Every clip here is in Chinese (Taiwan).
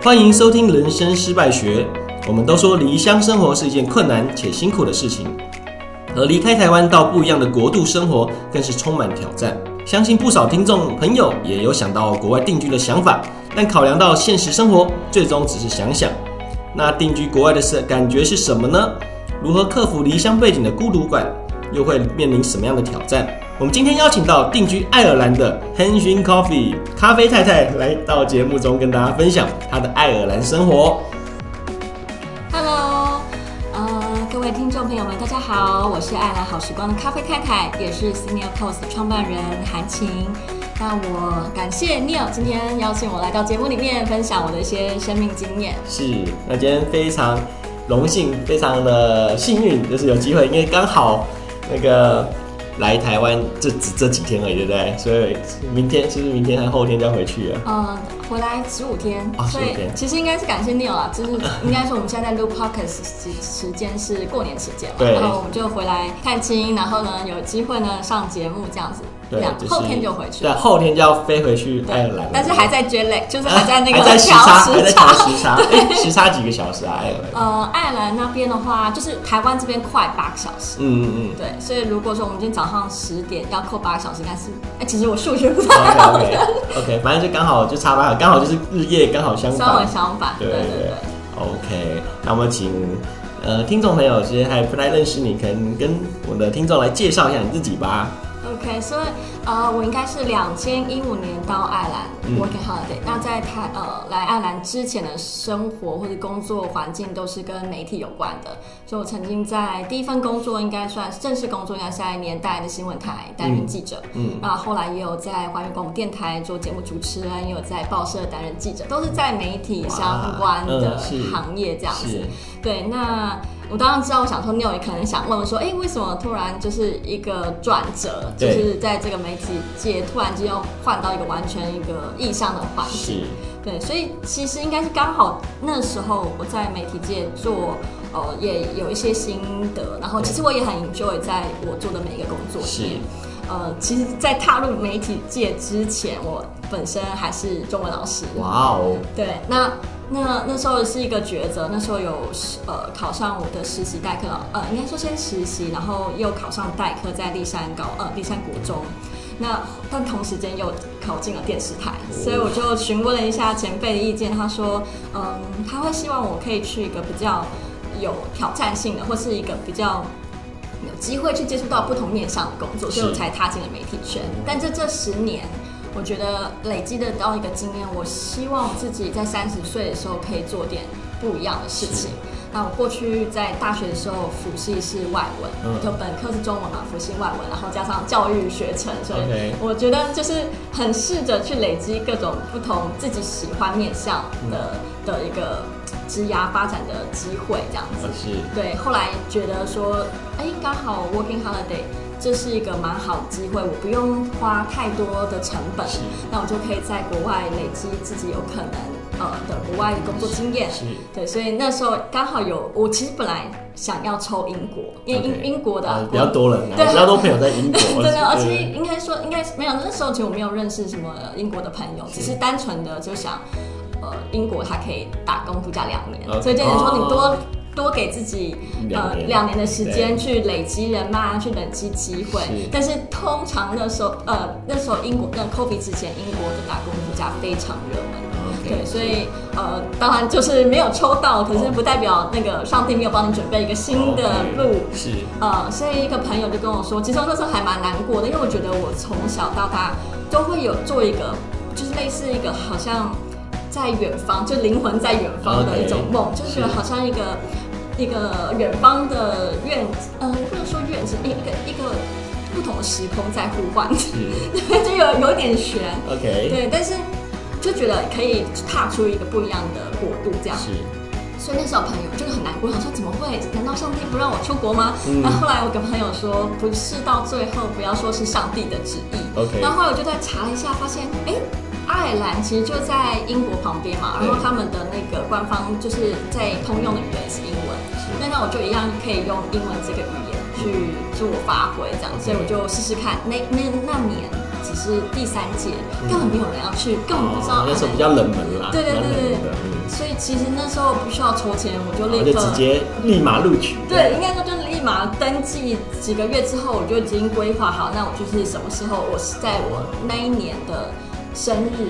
歡迎收聽《人生失敗學》。我們都說離鄉生活是一件困難且辛苦的事情，而離開台灣到不一樣的國度生活更是充滿挑戰。相信不少聽眾朋友也有想到國外定居的想法，但考量到現實生活，最終只是想想。那定居國外的是感覺是什麼呢？如何克服離鄉背井的孤獨感？又會面臨什麼樣的挑戰？我們今天邀請到定居愛爾蘭的 Hanching Coffey 咖啡太太來到節目中，跟大家分享她的愛爾蘭生活。Hello，、呃、各位聽眾朋友們，大家好，我是愛爾蘭好時光的咖啡太太，也是 Senior Post 的創辦人韓晴。那我感謝 Neil 今天邀請我來到節目裡面，分享我的一些生命經驗。是，那今天非常榮幸，非常的幸運，就是有機會，因為剛好那個。來台灣這只這幾天而已，對不對？所以明天其實、就是、明天還是後天再回去啊？嗯，回來十五天啊，十五天。哦、所以其實應該是感謝你啊，就是應該說我們現在在錄 podcast 時時間是過年時間， 然後我們就回來探親，然後呢有機會呢上節目這樣子。對，後天就回去，對，後天就要飛回去愛爾蘭。但是還在 Jetlag，就是還在那個時差，還在搶時差，時差幾個小時啊？愛爾蘭呃愛爾蘭那邊的話，就是台灣這邊快八個小時。嗯嗯嗯。對，所以如果說我們今天早上十點要扣八個小時，但是哎，其實我數學不太好。OK，反正就剛好就差八個，剛好就是日夜剛好相反，相反。對對對。OK，那我們請呃聽眾朋友，其實還不太認識你，可能跟我的聽眾來介紹一下你自己吧。OK，所、so, 以呃，我應該是兩千一五年到愛爾蘭 working holiday。OK，好的。那在台呃，來愛爾蘭之前的生活或者工作環境都是跟媒體有關的。所以我曾經在第一份工作應該算正式工作，應該下一年代的新聞台擔任記者。嗯，然、嗯、後、啊、後來也有在華語廣播電台做節目主持人，也有在報社擔任記者，都是在媒體相關的行業這樣子。呃、對，那。我當然知道，我想說 Neil 也可能想問我說，哎、欸，為什麼突然就是一個轉折，對就是在這個媒體界突然間要換到一個完全一個意向的環境？是對，所以其實應該是剛好那時候我在媒體界做，呃，也有一些心得。然後其實我也很 enjoy 在我做的每一個工作裡面。是，呃，其實，在踏入媒體界之前，我本身還是中文老師。哇哦 Wow。對，那。那那時候是一個抉擇，那時候有呃考上我的實習代課，呃應該說先實習，然後又考上代課，在麗山高呃麗山國中，那但同時間又考進了電視台，所以我就詢問了一下前輩的意見，他說，嗯、呃、他會希望我可以去一個比較有挑戰性的，或是一個比較有機會去接觸到不同面向的工作，是所以我才踏進了媒體圈，但這這十年。我覺得累積得到一個經驗，我希望自己在三十歲的時候可以做點不一樣的事情。是那我過去在大學的時候，輔系是外文，嗯、就本科是中文嘛，輔系外文，然後加上教育學程，所以我覺得就是很試着去累積各種不同自己喜歡面向的、嗯、的一個職涯發展的機會，這樣子。是。對，後來覺得說，哎、欸，剛好 working holiday。這是一個蠻好的機會，我不用花太多的成本，是那我就可以在國外累積自己有可能呃的國外的工作經驗。是，對，所以那時候剛好有我其實本來想要抽英國，因為英 Okay. 英國的、啊、比較多人、啊，對比較多朋友在英國、啊 對，對而且應該說應該沒有，那時候其實我沒有認識什麼英國的朋友，是只是單純的就想，呃，英國它可以打工度假兩年，Okay. 所以有人說你多。Oh, okay. 多給自己兩年呃兩年的時間去累積人脈對，去累積機會。是但是通常那時候，呃那時候英國的 COVID 之前，英國的打工度假非常熱門。Okay, 對，是所以呃當然就是沒有抽到，可是不代表那個上帝沒有幫你準備一個新的路。Oh, okay, 呃、是，呃所以一個朋友就跟我說，其實我那時候還蠻難過的，因為我覺得我從小到大都會有做一個，就是類似一個好像。在遠方，就靈魂在遠方的一種夢，Okay. 就是好像一個、嗯、一個遠方的院子。嗯、呃，不能說院子，一一個一個不同的時空在呼喚，對、嗯， 就有有點玄，OK，對，但是就覺得可以踏出一個不一樣的國度，這樣是。所以那時候朋友就是很難過，我說怎麼會？難道上帝不讓我出國嗎？嗯、然後，後來我跟朋友說，不是到最後，不要說是上帝的旨意，OK。然後後來我就再查了一下，發現，哎、欸。愛爾蘭其實就在英國旁邊嘛，然後他們的那個官方就是在通用的語言是英文，那那我就一樣可以用英文這個語言去自我發揮，這樣，所以我就試試看。那那那年只是第三屆，根本沒有人要去，根本不知道。那時候比較冷門啦，對對對，所以其實那時候不需要抽籤，我就立刻就直接立馬錄取。對，應該說就立馬登記。幾個月之後，我就已經規劃好，那我就是什麼時候，我是在我那一年的。生日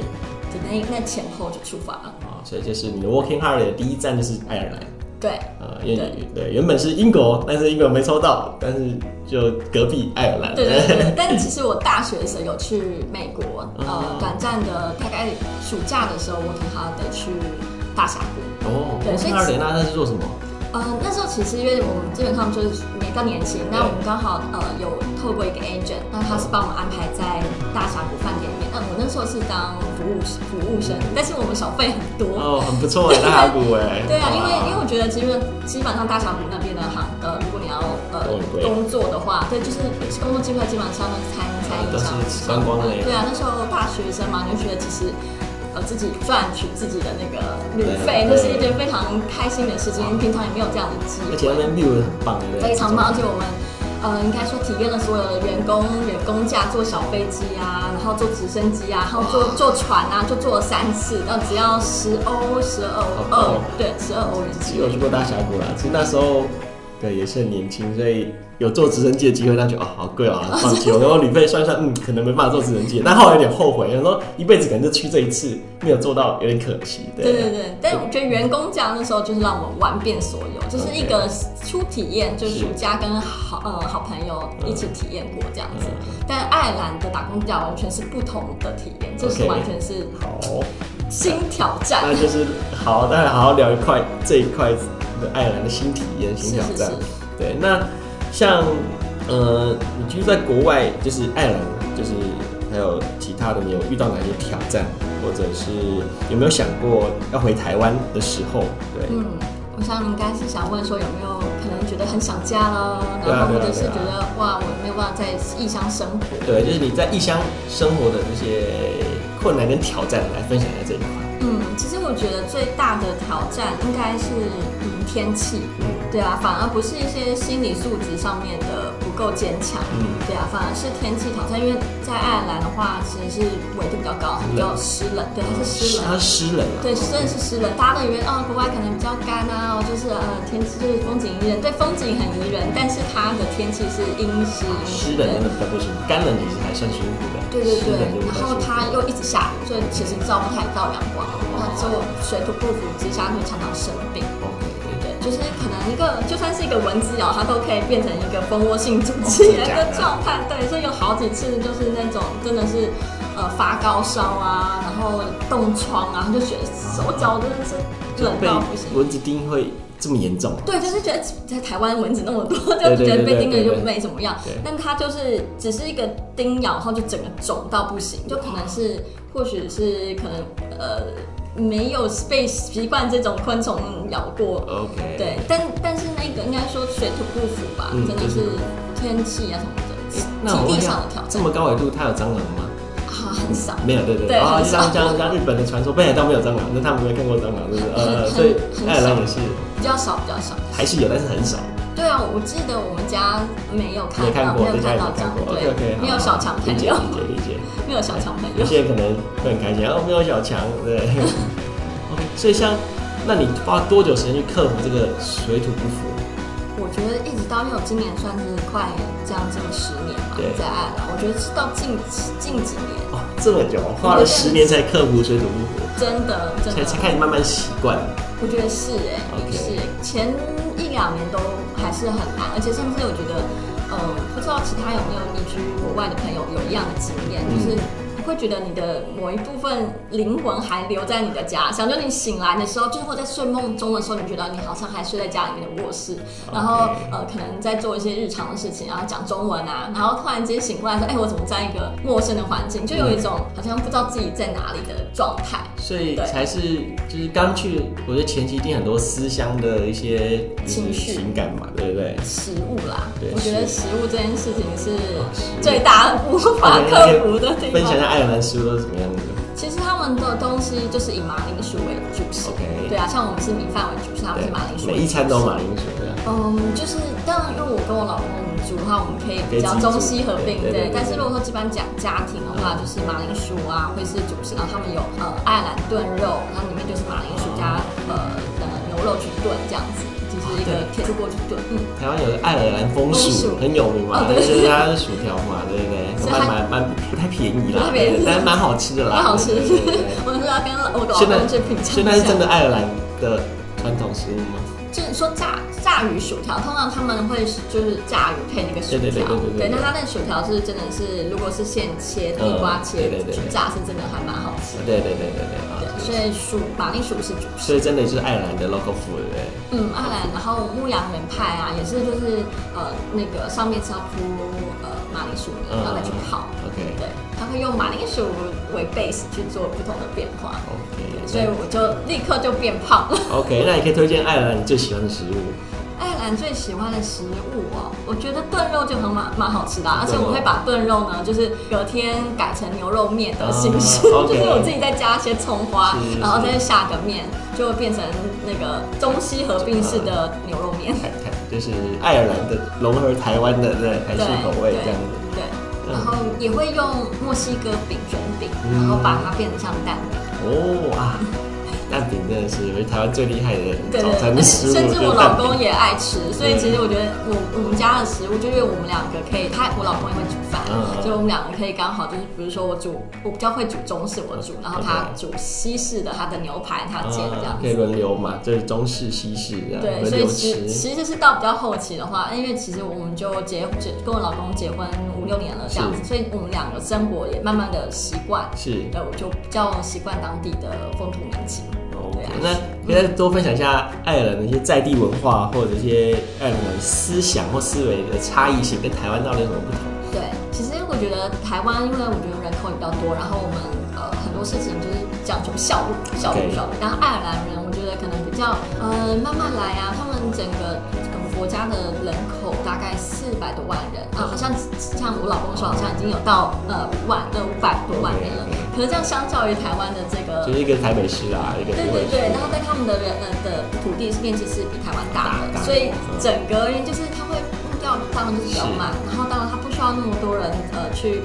的那，那那前後就出發了啊、哦，所以就是你的 working holiday 的第一站就是愛爾蘭，對，呃，因為，對，對原本是英國，但是英國沒抽到，但是就隔壁愛爾蘭，對，對，對 但其實我大學的時候有去美國，哦、呃，短暫的大概暑假的時候，我挺好的去大峽谷。哦，對，所以、哦、那那是做什麼？呃，那時候其實因為我們基本上就是沒到年輕，對那我們剛好呃有透過一個 agent，那他是幫我們安排在大峽谷飯店裡面。嗯、呃，我那時候是當服務服務生，但是我們小費很多哦，很不錯大峽谷哎。 對啊，因為、啊、因為我覺得其實基本，基本上大峽谷那邊的行呃，如果你要呃工對作的話，對，就是工作機會基本上都是餐餐飲。啊、但是觀光的對啊，那時候大學生嘛，嗯、就覺得其實。自己賺取自己的那個旅費，那、啊、是一件非常開心的事情。好啊、平常也沒有這樣的機會。而且那 view 很棒的，非常棒。而且我們，呃，應該說體驗了所有的員工員工價，坐小飛機啊，然後坐直升機啊，然後坐坐船啊，就坐了三次，然後只要十歐、十二歐、對，十二歐元。其實我去過大峽谷啦，其實那時候。對，也是很年輕，所以有坐直升機的機會，那就哦，好貴哦、啊，放棄。 我然後旅費算一算，嗯，可能沒辦法坐直升機。但後來有點後悔，我說一輩子可能就去這一次，沒有做到，有點可惜。對對，對對，對，但我覺得員工獎那時候就是讓我們玩遍所有。Okay. 就是一個初體驗，就是家跟好呃是、嗯、好朋友一起體驗過這樣子。嗯嗯、但愛爾蘭的打工獎完全是不同的體驗，就是完全是、okay. 好新挑戰。 那就是好，待會好好聊一塊 這一塊。愛爾蘭的新體驗、新挑戰，是是是對。那像，呃，你就是在國外，就是愛爾蘭，就是還有其他的沒，你有遇到哪些挑戰，或者是有沒有想過要回台灣的時候？對，嗯，我想你應該是想問說有沒有可能覺得很想家了，啊、然後或者是覺得、啊啊啊、哇我沒有辦法在異鄉生活。對，就是你在異鄉生活的那些困難跟挑戰，來分享一下這個。我覺得最大的挑戰應該是嗯，天氣，對啊，反而不是一些心理素質上面的。夠堅強，嗯，對啊，反而是天氣好像，因為在愛爾蘭的話，其實是緯度比較高，比較濕冷，對，它是濕冷，它濕冷、啊，對，雖然是濕冷，大家都以為哦，國外可能比較乾啊，就是呃，天氣就是風景宜人，對，風景很宜人，但是它的天氣是陰濕，濕冷的比較不行，乾冷其實還算舒服的，對對對，然後它又一直下雨，所以其實照不太到陽光，哇然後水土不服，之下會常常生病，對對對，就是。一個就算是一個蚊子咬，它都可以變成一個蜂窩性組織炎的狀態。哦啊、對，所以有好幾次就是那種真的是，呃、發高燒啊，然後凍瘡啊，就覺得手腳真的是冷到不行。蚊子叮會這麼嚴重？對，就是覺得在台灣蚊子那麼多，就覺得被叮了就沒怎麼樣。但它就是只是一個叮咬，然後就整個腫到不行，就可能是，嗯、或許是可能呃。沒有被習慣這種昆蟲咬過，對，但但是那個應該說水土不服吧，真的是天氣啊什麼的，體力上的挑戰。這麼高緯度，它有蟑螂嗎？啊，很少，沒有，對對對。啊，像像日本的傳說，北海道沒有蟑螂，那他們沒有看過蟑螂是不是？呃，所以很少的是，比較少，比較少，還是有，但是很少。對啊，我記得我們家沒有看到，沒有看到蟑螂，對，沒有小強，看理解理解。沒有小強朋友、哎，有些人可能會很開心。然後、哦、沒有小強，對 okay, 所以像，那你花多久時間去克服這個水土不服？我覺得一直到我今年算是快將近十年了，在愛爾蘭。我覺得是到近近幾年、啊、這麼久花了十年才克服水土不服，真的才才開始慢慢習慣。我覺得是哎，Okay. 是前一兩年都還是很難，而且甚至我覺得。嗯，不知道其他有沒有移居國外的朋友有一樣的經驗，嗯、就是。會覺得你的某一部分靈魂還留在你的家，想說你醒來的時候，就是會在睡夢中的時候，你覺得你好像還睡在家裡面的臥室，Okay. 然後呃，可能在做一些日常的事情，然後講中文啊，然後突然間醒過來說，說、欸、哎，我怎麼在一個陌生的環境？就有一種好像不知道自己在哪裡的狀態。嗯、對所以才是就是剛去，我覺得前期一定很多思鄉的一些情緒情感嘛，對不對？緒對食物啦，對我覺得食物這件事情是最大是、啊、無法克服 Okay, 的地方。Okay, 愛爾蘭食物是怎麼樣的？其實他們的東西就是以馬鈴薯為主食。Okay. 對啊，像我們是米飯為主食，他們是馬鈴薯，每一餐都是馬鈴薯對、啊、嗯，就是但因為我跟我老公我們煮的話，我們可以比較中西合併，對，對，對，對，對，對。但是如果說基本上講家庭的話，嗯、就是馬鈴薯啊會是主食，然後他們有呃愛爾蘭燉肉，然後裡面就是馬鈴薯加、嗯、呃、嗯、牛肉去燉這樣子。一個鐵鍋去燉，嗯，台灣有個愛爾蘭風薯，很有名嘛，對，就是它是薯條嘛，對不對？所以它蠻蠻不太便宜啦，但是蠻好吃的啦。蠻好吃的，我們都要跟我的老公去品嚐一下。現在是真的愛爾蘭的傳統食物嗎？就是說炸炸魚薯條，通常他們會就是炸魚配那個薯條，對對對。那它那個薯條是真的是，如果是現切地瓜切炸，是真的還蠻好吃。對對對對對。所以薯馬鈴薯是主食。所以真的是愛爾蘭的 local food，對、欸。嗯，愛爾蘭，然後牧羊人派啊，也是就是呃那個上面是要鋪呃馬鈴薯泥，然後再去烤。OK，對，他可以用馬鈴薯為 base 去做不同的變化。OK，所以我就立刻就變胖了。OK，那你可以推薦愛爾蘭你最喜歡的食物。最喜歡的食物哦，我覺得燉肉就很蠻蠻好吃的、啊，哦、而且我會把燉肉呢，就是隔天改成牛肉麵的形式，oh, okay, okay. 就是我自己再加一些蔥花，是然後再下個麵，就會變成那個中西合併式的牛肉麵，嗯、就是愛爾蘭的融合台灣的那台式口味這樣子。對，嗯、然後也會用墨西哥餅捲餅，然後把它變成像蛋餅。嗯、哦啊。哇蛋餅真的是因為台灣最厲害的早餐，對，食物，甚至我老公也愛吃。所以其實我覺得我對我們家的食物，就是因為我們兩個可以，他我老公也會煮飯，啊、所以我們兩個可以剛好就是，比如說我煮，我比較會煮中式，我煮，然後他煮西式的，他的牛排他煎這樣子。啊、可以輪流嘛，就是中式西式這樣對，所以其實池其實是到比較後期的話，因為其實我們就結結跟我老公結婚。六年了這樣子，是所以我們兩個生活也慢慢的習慣。是，呃，我就比較習慣當地的風土民情。哦 Okay,、啊，那可以再多分享一下愛爾蘭的一些在地文化，或者一些愛爾蘭思想或思維的差異性，跟台灣到底有什麼不同？對，其實我覺得台灣，因為我覺得人口比較多，然後我們呃很多事情就是講究效率、效率、效率。然後愛爾蘭人，我覺得可能比較嗯、呃、慢慢來啊，他們整個。國家的人口大概四百多萬人啊，好像像我老公說，好像已經有到呃五萬、呃五百多萬人了。Okay. 可能這樣相較於台灣的這個，就是一個台北市啊，嗯、一個對對對，然後在他們的人呃的土地面積是比台灣大的，所以整個因為就是它會步調他們就是比較慢，然後當然它不需要那麼多人呃去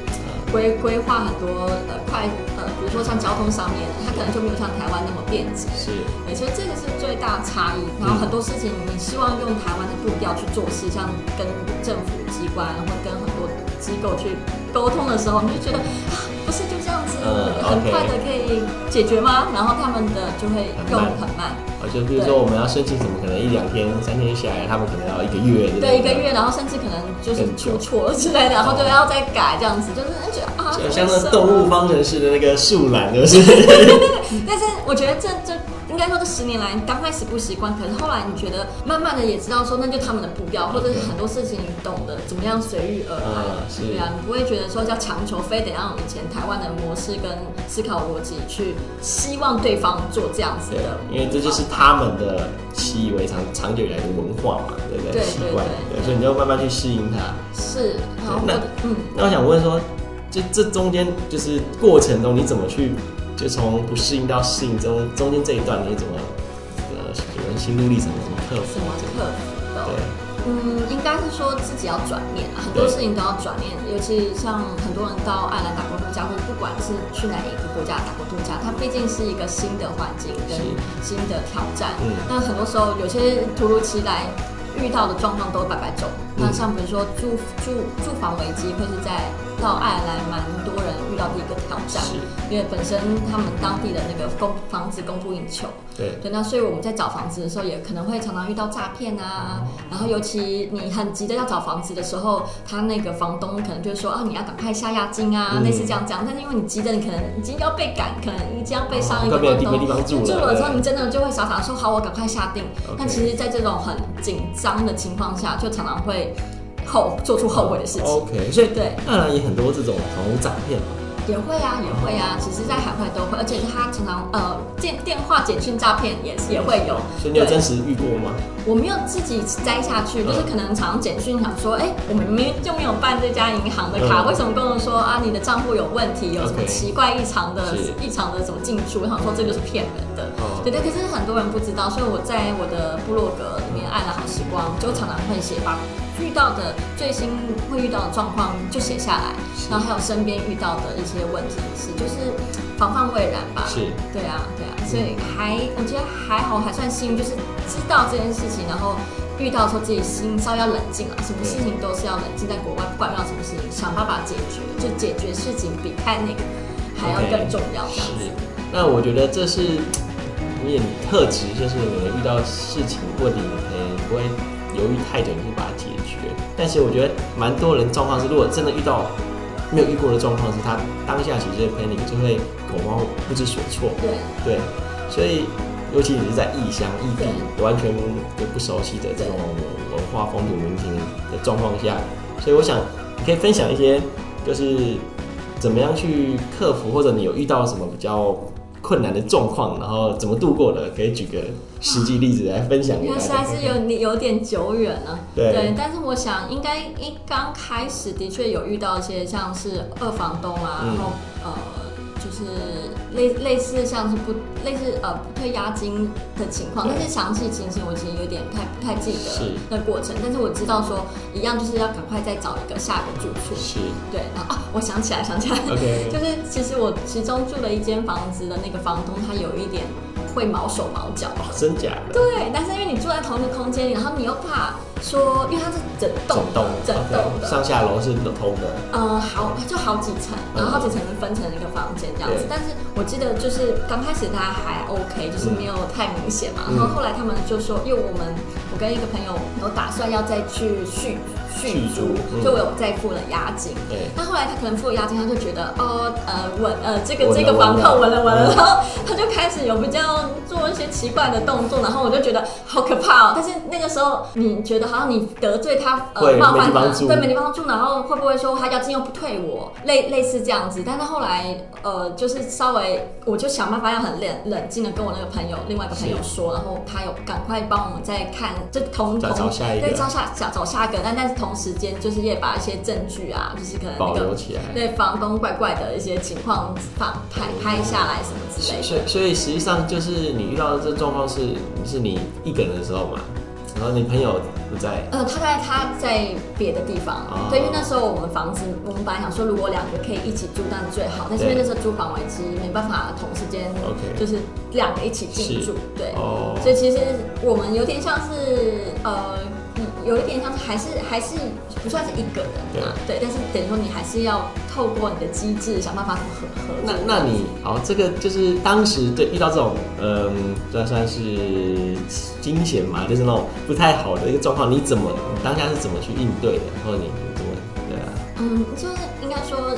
規規劃很多呃快比如說像交通上面，它可能就沒有像台灣那麼便捷，是，其實這個是最大差異。然後很多事情，你希望用台灣的步調去做事，像跟政府機關或跟。機構去溝通的時候，我們就覺得啊，不是就這樣子很快的可以解決嗎？然後他們的就會用很慢，就比如說我們要申請，怎麼可能一兩天、三天下來，他們可能要一個月，對，一個月，然後甚至可能就是出錯之類的，然後就要再改這樣子，就是覺得啊，像那動物方程式的那個樹懶，是不是？但是我覺得這這。應該說，這十年來你剛開始不習慣，可是後來你覺得慢慢的也知道說那就他們的步調，或者是很多事情你懂得怎麼樣隨遇而安。嗯、對啊，你不會覺得說叫強求非得要以前台灣的模式跟思考邏輯去希望對方做這樣子的。對，因為這就是他們的習以為常、嗯、長久以來的文化嘛，對不對？習慣，所以你就慢慢去適應他。是，然後那嗯，那我想問說，就這中間就是過程中你怎麼去？就從不適應到適應中中間這一段，你怎麼呃，你們心路歷程怎麼克服？什麼克服的？對，嗯，應該是說自己要轉念，很多事情都要轉念，對尤其像很多人到愛爾蘭打工度假，或者不管是去哪一個國家打工度假，它畢竟是一個新的環境跟新的挑戰。嗯，但很多時候有些突如其來遇到的狀況都百百種。嗯，那像比如說住住住房危機，或是在。到愛爾蘭，蠻多人遇到的一個挑戰，是因為本身他們當地的那個供房子供不應求，對，對那所以我們在找房子的時候，也可能會常常遇到詐騙啊。嗯、然後尤其你很急著要找房子的時候，他那個房東可能就是說啊，你要趕快下押金啊，嗯、類似這樣講。但是因為你急著，你可能已經要被趕，可能已經要被上一個房東住、啊、住了之後，你真的就會傻傻地說，好，我趕快下定。嗯、但其實，在這種很緊張的情況下，就常常會。後做出後悔的事情。OK，所以對，當然也很多這種這種詐騙嘛。也會啊，也會啊，其實在海外都會，而且他常常呃電電話、簡訊詐騙也是也會有。所以你有真實遇過嗎？我沒有自己摘下去，就是可能常常簡訊想說，哎，我明明就沒有辦這家銀行的卡，為什麼跟我說啊，你的賬戶有問題？有什麼奇怪異常的異常的什麼進出？想說這個是騙人的。對，可是很多人不知道，所以我在我的部落格裡面愛的好時光，就常常會寫吧。遇到的最新會遇到的狀況就寫下來，是然後還有身邊遇到的一些問題是，是就是防範未然吧。是，對啊，對啊，所以還我覺得還好，還算幸運，就是知道這件事情，然後遇到的時候自己心稍微要冷靜啊，什麼事情都是要冷靜，嗯、在國外不管遇到什麼事情，想辦法解決，就解決事情比 panic 還要更重要。Okay, 是，那我覺得這是有點特質，就是你們遇到事情，問你，呃、欸，不會。猶豫太久，你會把它解決。但是我覺得蠻多人狀況是，如果真的遇到沒有遇過的狀況，是他當下其實的 panic 就會恐慌、不知所措。對，所以尤其你是在異鄉、異地對、完全又不熟悉的這種文化、風土民情的狀況下，所以我想你可以分享一些，就是怎麼樣去克服，或者你有遇到什麼比較？困難的狀況，然後怎麼度過的？可以舉個實際例子來分享一下、嗯。是還是有有點久遠了，對，對。但是我想，應該一剛開始的確有遇到一些像是二房東啊，嗯、然後呃。是類類似像是不類似呃不退押金的情況，但是詳細情形我其實有點太不太記得的過程，是，但是我知道說一樣就是要趕快再找一個下一個住處。是，對，然後啊，我想起來，想起來，Okay. 就是其實我其中住了一間房子的那個房東，他有一點會毛手毛腳。哦，真假的？對，但是因為你住在同一個空間裡，然後你又怕。說，因為它是整棟整棟的，上下樓是通的。呃，好就好幾層，然後好幾層分成了一個房間這樣子。但是我記得就是剛開始大家還 OK，就是沒有太明顯嘛。然後後來他們就說，因為我們我跟一個朋友有打算要再去續續租，就我有再付了押金。對。那後來他可能付了押金，他就覺得哦呃穩呃這個這個房客穩了穩了，然後他就開始有比較做一些奇怪的動作，然後我就覺得好可怕哦。但是那個時候你覺得。然後你得罪他，呃，冒犯他，對，對，沒地方住。然後會不會說他押金又不退我？類類似這樣子。但是後來，呃，就是稍微，我就想辦法要很冷冷靜的跟我那個朋友，另外一個朋友說，是然後他有趕快幫我們再看，就同同對找下找找下一個，對找下找找下個。但但是同時間，就是也把一些證據啊，就是可能、那個、保留起來，對，房東怪怪的一些情況放拍拍下來什麼之類的。所以所以，所以實際上就是你遇到的這狀況是，是你一個人的時候嘛？呃、啊，你朋友不在？呃，他在，他在別的地方。Oh. 對，因為那時候我們房子，我們本來想說如果兩個可以一起住，但是最好。但是因為那時候租房危機，沒辦法同時間，就是兩個一起進駐 Okay. 是對。Oh. 所以其實我們有點像是呃。有一點像是，還是還是不算是一個人啊，對啊，對，但是等於說你還是要透過你的機制想辦法怎麼合合。合那那，那你，好，這個就是當時對遇到這種，嗯，算算是驚險嘛，就是那種不太好的一個狀況，你怎麼，你當下是怎麼去應對的？或者你怎麼對啊，嗯，就是應該說。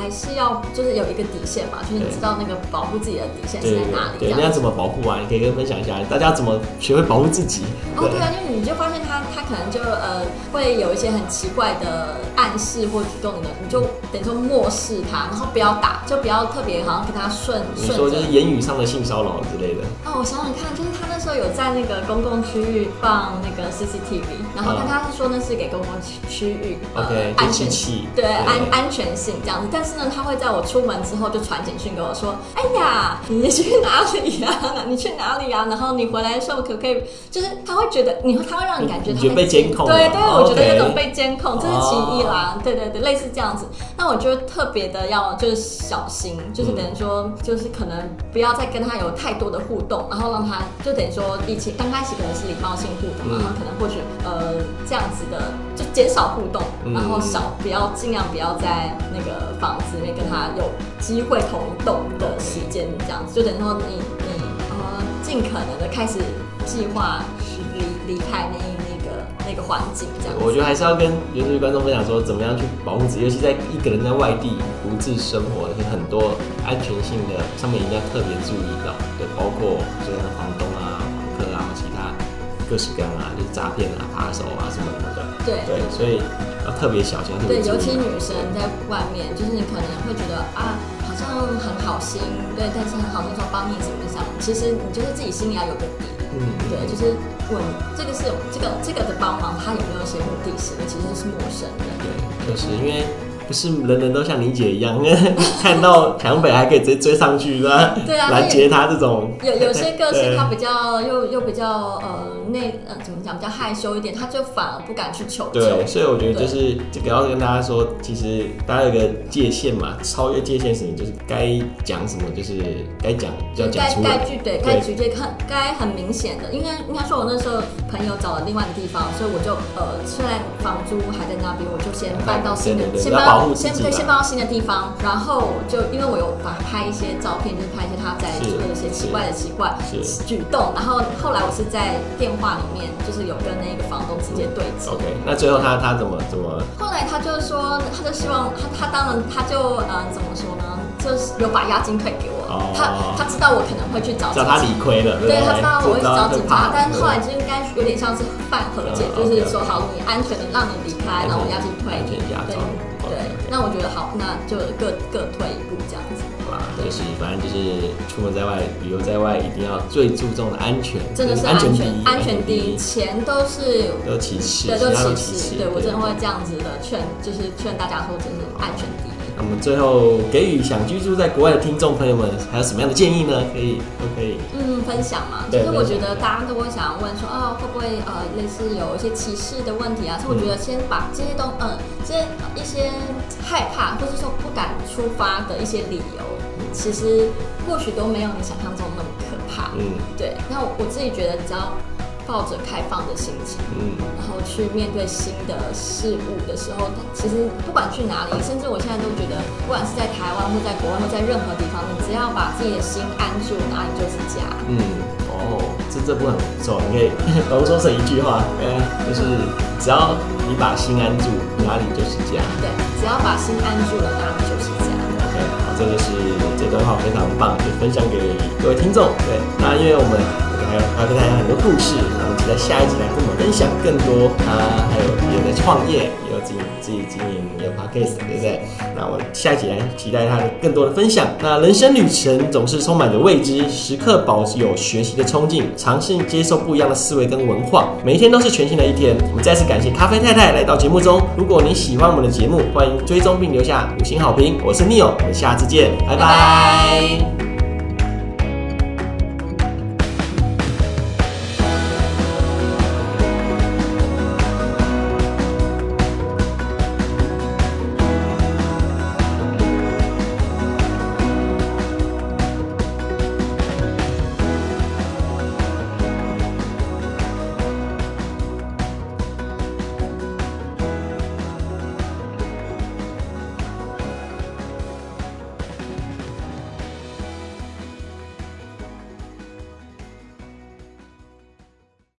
還是要就是有一個底線嘛，就是你知道那個保護自己的底線是在哪裡。對，對，對，對，那要怎麼保護啊？你可以跟分享一下，大家怎麼學會保護自己。哦，對啊，因為你就發現他，他可能就呃會有一些很奇怪的暗示或舉動，的，你就等於說漠視他，然後不要打，就不要特別好像跟他順。你說就是言語上的性騷擾之類的。哦，我想想看，就是他。時候有在那個公共區域放那個 CCTV，然後跟他是說那是給公共區區域，OK 安全器，對安安全性這樣子。但是呢，他會在我出門之後就傳簡訊給我說：“哎呀，你去哪裡呀、啊？你去哪裡呀、啊？”然後你回來的時候可可以，就是他會覺得你，他會讓你感覺他被監控，對對，我覺得有種被監控，這是其一啦。對對對，類似這樣子。那我就特別的要就是小心，就是等於說、嗯、就是可能不要再跟他有太多的互動，然後讓他就等說以前剛開始可能是禮貌性互動嘛，然後可能或許呃這樣子的就減少互動，然後少不要儘量不要在那個房子裡面跟他有機會互動的時間，這樣子就等於說你你呃儘可能的開始計劃離離開那。一。那個環境這樣，我覺得還是要跟別的觀眾分享說，怎麼樣去保護自己，尤其在一個人在外地獨自生活，有很多安全性的上面應該特別注意到，對，包括像房東啊、房客啊，或其他各式各樣的、啊，就是詐騙啊、扒手啊什麼什麼的，對對，對，所以要特別小心。對，尤其女生在外面，就是你可能會覺得啊，好像很好心，對，但是很好心說幫你什麼什麼，其實你就是自己心裡要有個底，嗯，對，就是。問這個是這個這個的幫忙，他有沒有一些目的性？其實是陌生的，對，對就是因為不是人人都像你姐一樣， 看到搶匪還可以直接追上去是吧？對啊，攔截他，他也這種，有有些個性，他比較 對又又比較呃。那呃，怎麼講比較害羞一點，他就反而不敢去求求，對，所以我覺得就是對這個要跟大家說，其實大家有個界限嘛，超越界限你就是什麼，就是該講什麼就是該講就要講出來該該舉對，該直接看，該對很，很明顯的，因為應該應該說，我那時候朋友找了另外的地方，所以我就呃，雖然房租還在那邊，我就先搬到新的，對對對先保護自己。對，先搬到新的地方，然後就因為我有把拍一些照片，就是拍一些他在做是一些奇怪的奇怪舉動，然後後來我是在電。話裡面就是有跟那個房東直接對峙。嗯、okay，那最後他他怎麼怎麼？後來他就說，他就希望他他當然他就呃怎麼說呢？就是有把押金退給我。哦、他他知道我可能會去找警察。叫他理虧了。對，對他知道我會去找警察，但是後來就應該有點像是半和解，嗯、okay, 就是說好你安全的讓你離開，然後押金退給你。對那我覺得好，那就各各退一步這樣子。好啦，就是反正就是出門在外，旅遊在外，一定要最注重的安全。真的是安全，安全第一，錢都是都其次，對，都其次，對我真的會這樣子的勸，就是勸大家說，就是安全第一。我們最後給予想居住在國外的聽眾朋友們，還有什麼樣的建議呢？可以，都可以，嗯，分享嘛。其實對我覺得大家都會想要問說，哦，會不會呃，類似有一些歧視的問題啊？所以我覺得先把這些都，嗯、呃，這些一些害怕或是說不敢出發的一些理由，其實或許都沒有你想象中那麼可怕。嗯對，對。那我自己覺得，只要。抱着開放的心情，嗯，然後去面對新的事物的時候，其實不管去哪裡，甚至我現在都覺得，不管是在台灣，或在國外，或在任何地方，你只要把自己的心安住，哪裡就是家。嗯，哦，這這不很不錯，你可以呵呵都說成一句話，嗯、欸，就是只要你把心安住，哪裡就是家。對，對，只要把心安住了，哪裡就是家。OK，好，這就是這段話非常棒，也分享給各位聽眾。對，那因為我們。還有他跟大家很多故事，那我們期待下一集來跟我們分享更多他、啊、還有他的創業，也有自己經營有 Podcast 對不對？那我們下一集來期待他的更多的分享。那人生旅程總是充滿着未知，時刻保持有學習的衝勁，嘗試接受不一樣的思維跟文化，每一天都是全新的一天。我們再次感謝咖啡太太來到節目中。如果你喜歡我們的節目，歡迎追蹤並留下五星好評。我是 Neo，我們下次見，拜拜。拜拜。